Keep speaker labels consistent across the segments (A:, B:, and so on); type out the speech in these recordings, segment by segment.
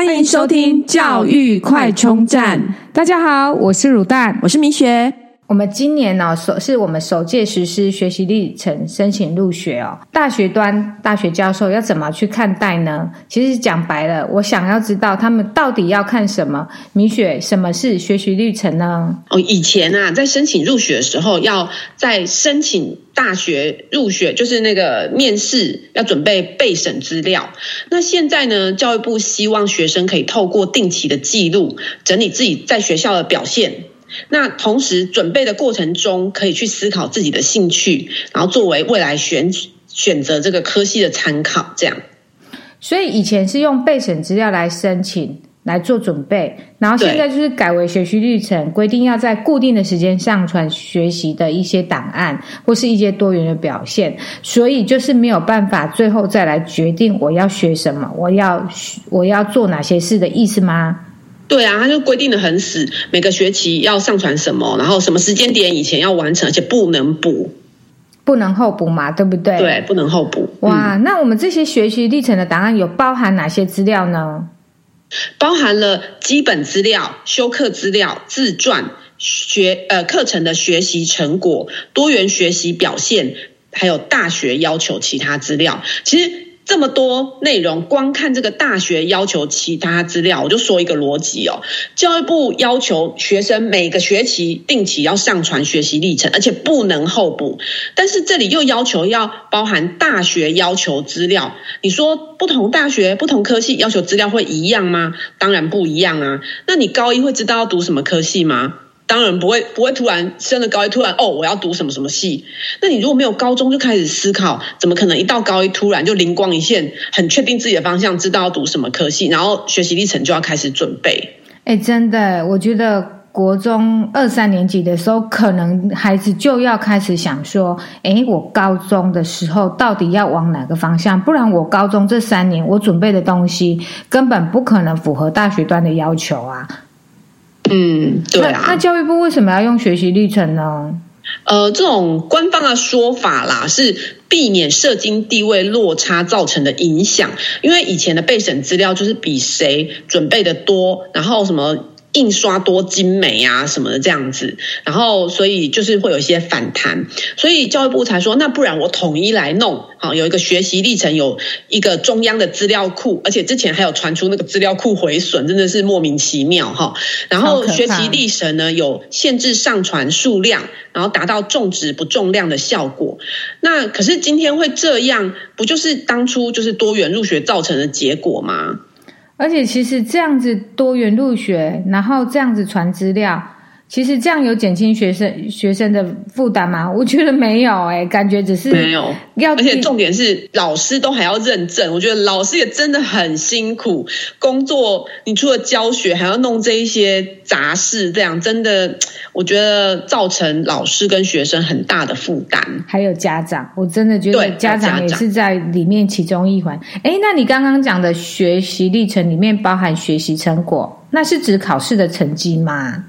A: 歡迎收聽教育快充站。大家好，我是乳蛋，我是米雪。我們今年呢、哦，首是我們首屆實施學習歷程申請入學哦。大學端大學教授要怎麼去看待呢？其實講白了，我想要知道他們到底要看什麼。米雪，什麼是學習歷程呢？
B: 哦，以前啊，在申請入學的時候，要在申請大學入學，就是那個面試，要準備備審資料。那現在呢，教育部希望學生可以透過定期的記錄，整理自己在學校的表現。那同時準備的過程中，可以去思考自己的興趣，然後作為未來選選擇這個科系的參考。這樣，
A: 所以以前是用備審資料來申請來做準備，然後現在就是改為學習歷程對規定，要在固定的時間上傳學習的一些檔案或是一些多元的表現，所以就是沒有辦法最後再來決定我要學什麼，我要我要做哪些事的意思嗎？
B: 對啊，他就規定的很死，每個學期要上傳什麼，然後什麼時間點以前要完成，而且不能補，
A: 不能後補嘛，對不對？對，
B: 不能後補。哇，
A: 嗯、那我們這些學習歷程的檔案，有包含哪些資料呢？
B: 包含了基本資料、修課資料、自傳、學呃課程的學習成果、多元學習表現，還有大學要求其他資料。其實。這麼多內容，光看這個大學要求其他資料，我就說一個邏輯哦。教育部要求學生每個學期定期要上傳學習歷程，而且不能後補。但是這裡又要求要包含大學要求資料。你說不同大學不同科系要求資料會一樣嗎？當然不一樣啊。那你高一會知道要讀什麼科系嗎？當然不會，不會突然升了高一，突然哦，我要讀什麼什麼系。那你如果沒有高中就開始思考，怎麼可能一到高一突然就靈光一現，很確定自己的方向，知道要讀什麼科系，然後學習歷程就要開始準備。
A: 哎、欸，真的，我覺得國中二三年級的時候，可能孩子就要開始想說，哎、欸，我高中的時候到底要往哪個方向？不然我高中這三年我準備的東西根本不可能符合大學端的要求啊。嗯，對啊，那，那教育部為什麼要用學習歷程呢？呃，這
B: 種官方的說法啦，是避免社經地位落差造成的影響，因為以前的備審資料就是比誰準備的多，然後什麼。印刷多精美啊，什麼的這樣子，然後所以就是會有一些反彈，所以教育部才說，那不然我統一來弄，好，有一個學習歷程，有一個中央的資料庫。而且之前還有傳出那個資料庫毀損，真的是莫名其妙哈。然後學習歷程呢，有限制上傳數量，然後達到重質不重量的效果。那可是今天會這樣，不就是當初就是多元入學造成的結果嗎？而且其
A: 實這樣子多元入學，然後這樣子傳資料。其實這樣有減輕學生學生的負擔嗎？我覺得沒有，欸、誒，感覺只是沒
B: 有。而且重點是老師都還要認證，我覺得老師也真的很辛苦。工作你除了教學，還要弄這一些雜事，這樣真的我覺得造成老師跟學生很大的負擔。
A: 還有家長，我真的覺得家長也是在裡面其中一環。誒，那你剛剛講的學習歷程裡面包含
B: 學習成果，那是指考試的成績嗎？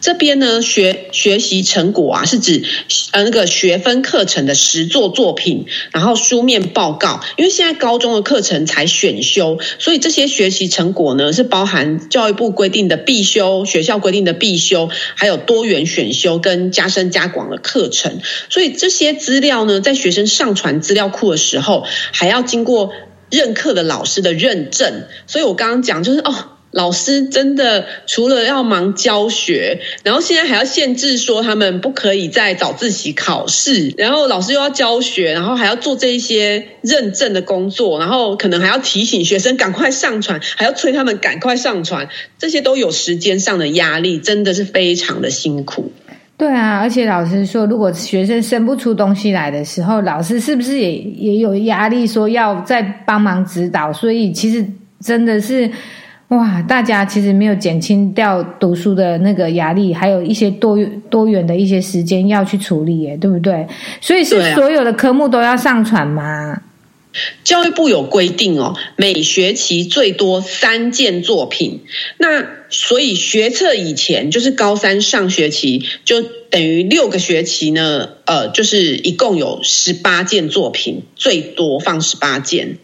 B: 這邊呢，學學習成果啊，是指呃那個學分課程的實作作品，然後書面報告。因為現在高中的課程才選修，所以這些學習成果呢，是包含教育部規定的必修、學校規定的必修，還有多元選修跟加深加廣的課程。所以這些資料呢，在學生上傳資料庫的時候，還要經過任課的老師的認證。所以我剛剛講就是哦。老師真的除了要忙教學，然後現在還要限制說他們不可以在早自習考試，然後老師又要教學，然後還要做這些認證的工作，然後可能還要提醒學生趕快上傳，還要催他們趕快上傳，這些都有時間上的壓力，真的是非常的辛苦。
A: 對啊，而且老師說，如果學生生不出東西來的時候，老師是不是也也有壓力，說要再幫忙指導？所以其實真的是。哇，大家其實沒有減輕掉讀書的那個壓力，還有一些多元多元的一些時間要去處理，哎，對不對？所以是所有的科目都要上傳嗎？
B: 啊，教育部有規定哦，每學期最多三件作品。那所以學測以前，就是高三上學期，就等於六個學期呢，呃，就是一共有十八件作品，最多放十八件。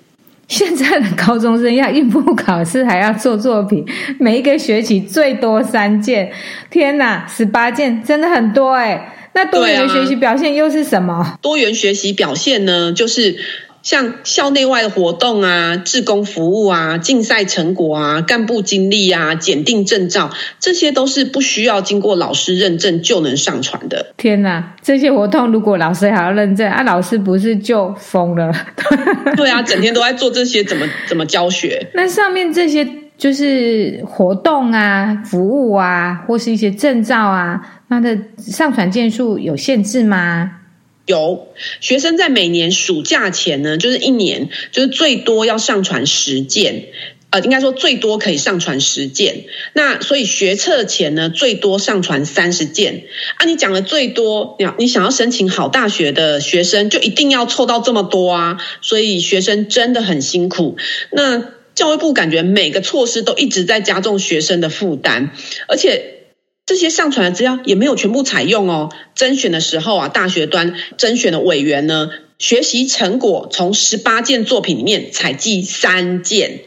A: 現在的高中生要應付考試，還要做作品，每一個學期最多三件，天哪，十八件，真的很多哎、欸。那多元學習表現又是什麼？
B: 多元學習表現呢，就是。像校內外的活動啊、志工服務啊、競賽成果啊、幹部經歷啊、檢定證照，這些都是不需要經過老師認證就能上傳的。
A: 天哪、啊，這些活動如果老師還要認證，啊老師不是就瘋
B: 了？ 對啊，整天都在做這些，怎麼怎麼教學？
A: 那上面這些就是活動啊、服務啊，或是一些證照啊，它的
B: 上傳件數有限制嗎？有學生在每年暑假前呢，就是一年，就是最多要上傳十件，呃，應該說最多可以上傳十件。那所以學測前呢，最多上傳三十件。啊，你講的最多，你你想要申請好大學的學生，就一定要湊到這麼多啊。所以學生真的很辛苦。那教育部感覺每個措施都一直在加重學生的負擔，而且。這些上傳的資料也沒有全部採用哦。甄選的時候啊，大學端甄選的委員呢，學習成果從十八件作品裡面採計三件，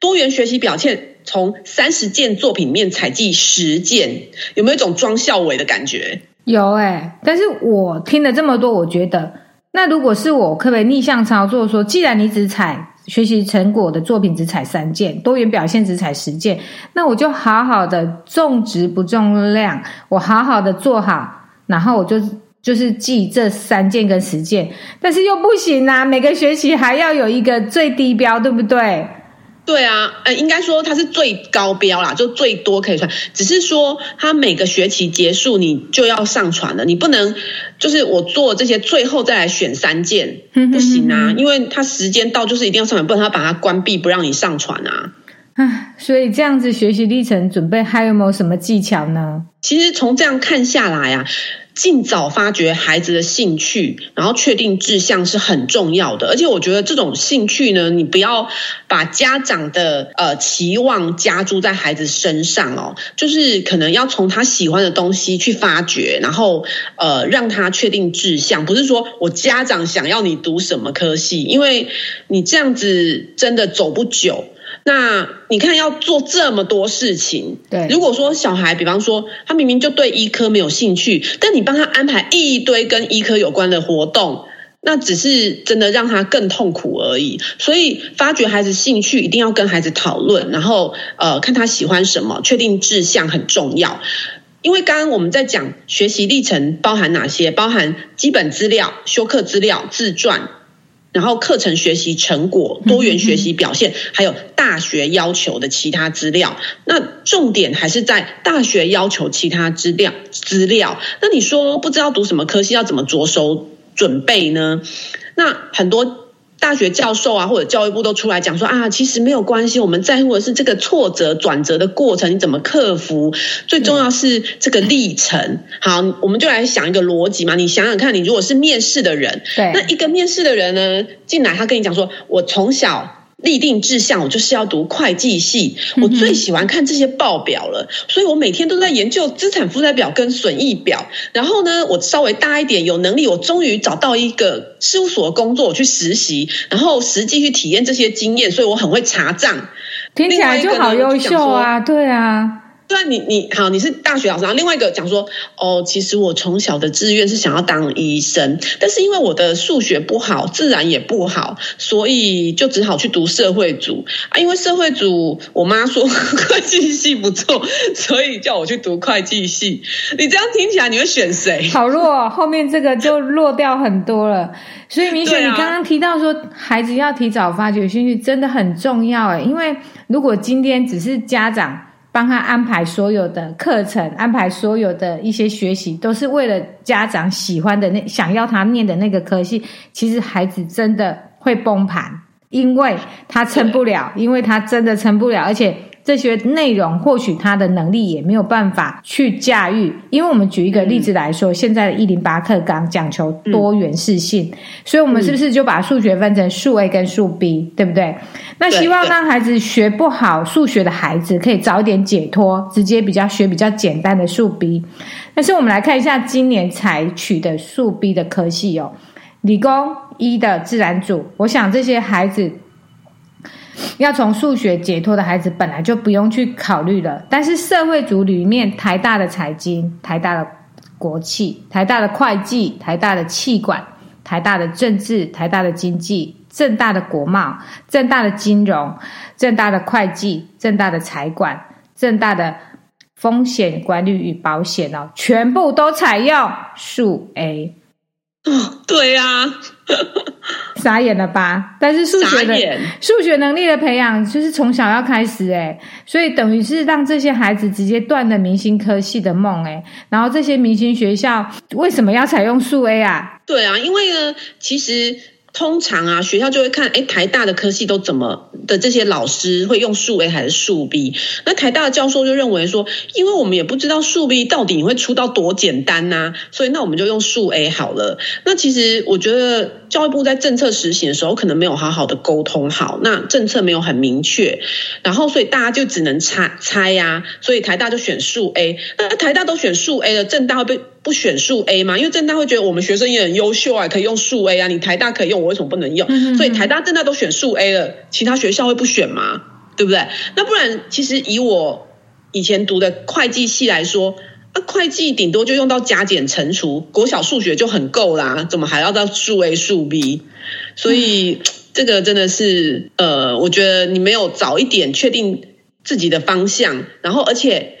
B: 多元學習表現從三十件作品裡面採計十件，有沒有一種裝校委的感覺？
A: 有誒、欸、但是我聽了這麼多，我覺得，那如果是我，可不可以逆向操作說？說既然你只採。學習成果的作品只採三件，多元表現只採十件，那我就好好的重質不重量，我好好的做好，然後我就就是記這三件跟十件，但是又不行啊，每個學期還要有一個最低標，對不對？
B: 對啊，呃、嗯，應該說它是最高標啦，就最多可以傳。只是說，它每個學期結束，你就要上傳了。你不能就是我做這些，最後再來選三件，不行啊，呵呵呵，因為它時間到就是一定要上傳，不然它把它關閉不讓你上傳啊。那、嗯、
A: 所以
B: 這樣子學習歷程準
A: 備還有沒有什麼技巧呢？
B: 其實從這樣看下來啊。儘早發掘孩子的興趣，然後確定志向是很重要的。而且我覺得這種興趣呢，你不要把家長的呃期望加注在孩子身上哦。就是可能要從他喜歡的東西去發掘，然後呃讓他確定志向。不是說我家長想要你讀什麼科系，因為你這樣子真的走不久。那你看要做這麼多事情，對，如果說小孩，比方說他明明就對醫科沒有興趣，但你幫他安排一堆跟醫科有關的活動，那只是真的讓他更痛苦而已。所以發掘孩子興趣一定要跟孩子討論，然後呃看他喜歡什麼，確定志向很重要。因為剛剛我們在講學習歷程包含哪些，包含基本資料、修課資料、自傳。然後課程學習成果、多元學習表現，還有大學要求的其他資料，那重點還是在大學要求其他資料。資料，那你說不知道讀什麼科系要怎麼着手準備呢？那很多。大學教授啊，或者教育部都出來講說啊，其實沒有關係，我們在乎的是這個挫折轉折的過程，你怎麼克服？最重要是這個歷程。嗯、好，我們就來想一個邏輯嘛，你想想看，你如果是面試的人，對，那一個面試的人呢，進來他跟你講說，我從小。立定志向，我就是要讀會計系。我最喜歡看這些報表了，嗯哼。所以我每天都在研究資產負債表跟損益表。然後呢，我稍微大一點，有能力，我終於找到一個事務所的工作，我去實習，然後實際去體驗這些經驗，所以我很會查賬。聽起來就好優秀啊，對啊。那你你好，你是大學老師。然後另外一個講說，哦，其實我從小的志願是想要當醫生，但是因為我的數學不好，自然也不好，所以就只好去讀社會組啊。因為社會組，我媽說會計系不錯，所以叫我去讀會計系。你這樣聽起來，你會選誰？好
A: 弱、哦，後面這個就弱掉很多了。 所以明雪，明顯、啊、你剛剛提到說，孩子要提早發掘興趣真的很重要哎，因為如果今天只是家長。幫他安排所有的課程，安排所有的一些學習，都是為了家長喜歡的那，想要他念的那個科系。其實孩子真的會崩盤，因為他撐不了，對因為他真的撐不了，而且。這些內容或許他的能力也沒有辦法去駕馭，因為我們舉一個例子來說，嗯、現在的一零八課綱講求多元適性，嗯、所以我們是不是就把數學分成數 A 跟數 B，、嗯、對不對？那希望讓孩子學不好數學的孩子可以早點解脫，對對，直接比較學比較簡單的數 B，但是我們來看一下今年採取的數 B 的科系哦，理工一的自然組，我想這些孩子，要從數學解脫的孩子本來就不用去考慮了，但是社會組裡面，台大的財經、台大的國企、台大的會計、台大的企管、台大的政治、台大的經濟、政大的國貿、政大的金融、政大的會計、政大的財管、政大的風險管理與保險哦，全部都採用數 A。哦，對呀、啊， 傻眼了吧？但是數學的眼數學能力的培養就是從小要開始誒、欸、所以等於是讓這些孩子直接斷了明星科系的夢誒、欸，然後這些明星學校為什麼要採用數 A 啊？
B: 對啊，因為呢，其實。通常啊，學校就會看，誒、欸、台大的科系都怎麼的這些老師會用數 A 還是數 B？那台大的教授就認為說，因為我們也不知道數 B 到底你會出到多簡單吶、啊，所以那我們就用數 A 好了。那其實我覺得教育部在政策實行的時候，可能沒有好好的溝通好，那政策沒有很明確，然後所以大家就只能猜猜呀、啊。所以台大就選數 A，那台大都選數 A 了，政大會被。不選數 A 嗎？因為政大會覺得我們學生也很優秀啊，可以用數 A 啊。你台大可以用，我為什麼不能用？嗯嗯，所以台大、政大都選數 A 了，其他學校會不選嗎？對不對？那不然，其實以我以前讀的會計系來說，那、啊、會計頂多就用到加減乘除，國小數學就很夠啦，怎麼還要到數 A 數 B？所以、嗯、這個真的是，呃，我覺得你沒有早一點確定自己的方向，然後而且。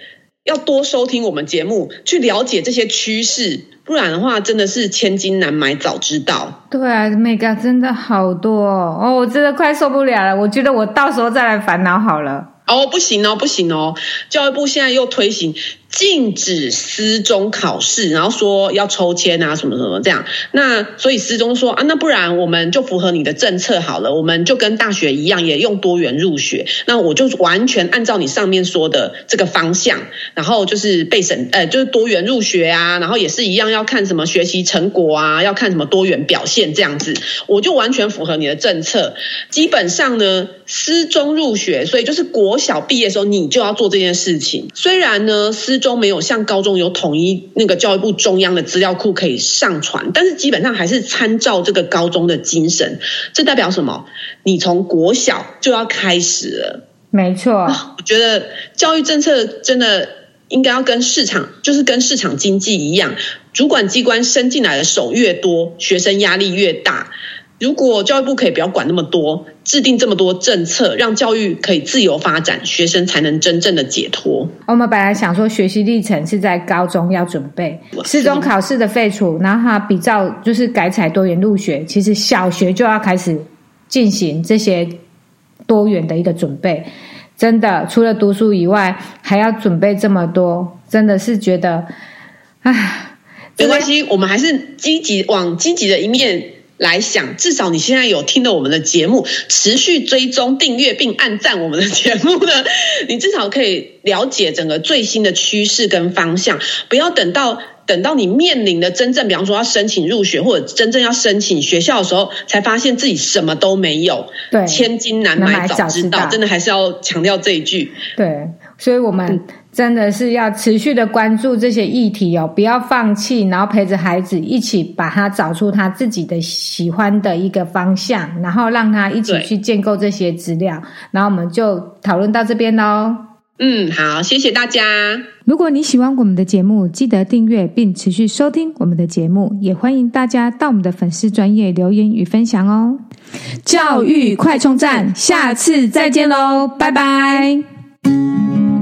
B: 要多收聽我們節目，去了解這些趨勢，不然的話真的是千金難買早知道。
A: 對啊，每個真的好多哦，哦，我真的快受不了了。我覺得我到時候再來煩惱好了。
B: 哦，不行哦，不行哦，教育部現在又推行，禁止私中考試，然後說要抽籤啊，什麼什麼這樣。那所以私中說啊，那不然我們就符合你的政策好了，我們就跟大學一樣，也用多元入學。那我就完全按照你上面說的這個方向，然後就是備審，呃、欸，就是多元入學啊，然後也是一樣要看什麼學習成果啊，要看什麼多元表現這樣子，我就完全符合你的政策。基本上呢，私中入學，所以就是國小畢業的時候你就要做這件事情。雖然呢，私都沒有像高中有統一那個教育部中央的資料庫可以上傳，但是基本上還是參照這個高中的精神。這代表什麼？你從國小就要開始了。沒錯、哦，我覺得教育政策真的應該要跟市場，就是跟市場經濟一樣，主管機關伸進來的手越多，學生壓力越大。如果教育部可以不要管那麼多，制定這麼多政策，讓教育可以自由發展，學生才能真正的解脫。
A: 我們本來想說，學習歷程是在高中要準備，四中考試的廢除，然後它比較就是改採多元入學，其實小學就要開始進行這些多元的一個準備。真的，除了讀書以外，還要準備這麼多，真的是覺得啊，唉
B: 沒關係，我們還是積極往積極的一面。來想，至少你現在有聽了我們的節目，持續追蹤、訂閱並按讚我們的節目呢，你至少可以了解整個最新的趨勢跟方向。不要等到等到你面臨的真正，比方說要申請入學或者真正要申請學校的時候，才發現自己什麼都沒有。對，千金難買早知道，知道真的還是要強調這一句。對，
A: 所以我們、嗯。真的是要持續的關注這些議題哦，不要放棄，然後陪着孩子一起把他找出他自己的喜歡的一個方向，然後讓他一起去建構這些資料。對然後我們就討論到這邊嘍。
B: 嗯，好，謝謝大家。
A: 如果你喜歡我們的節目，記得訂閱並持續收聽我們的節目，也歡迎大家到我們的粉絲專頁留言與分享哦。教育快充站，下次再見嘍，拜拜。嗯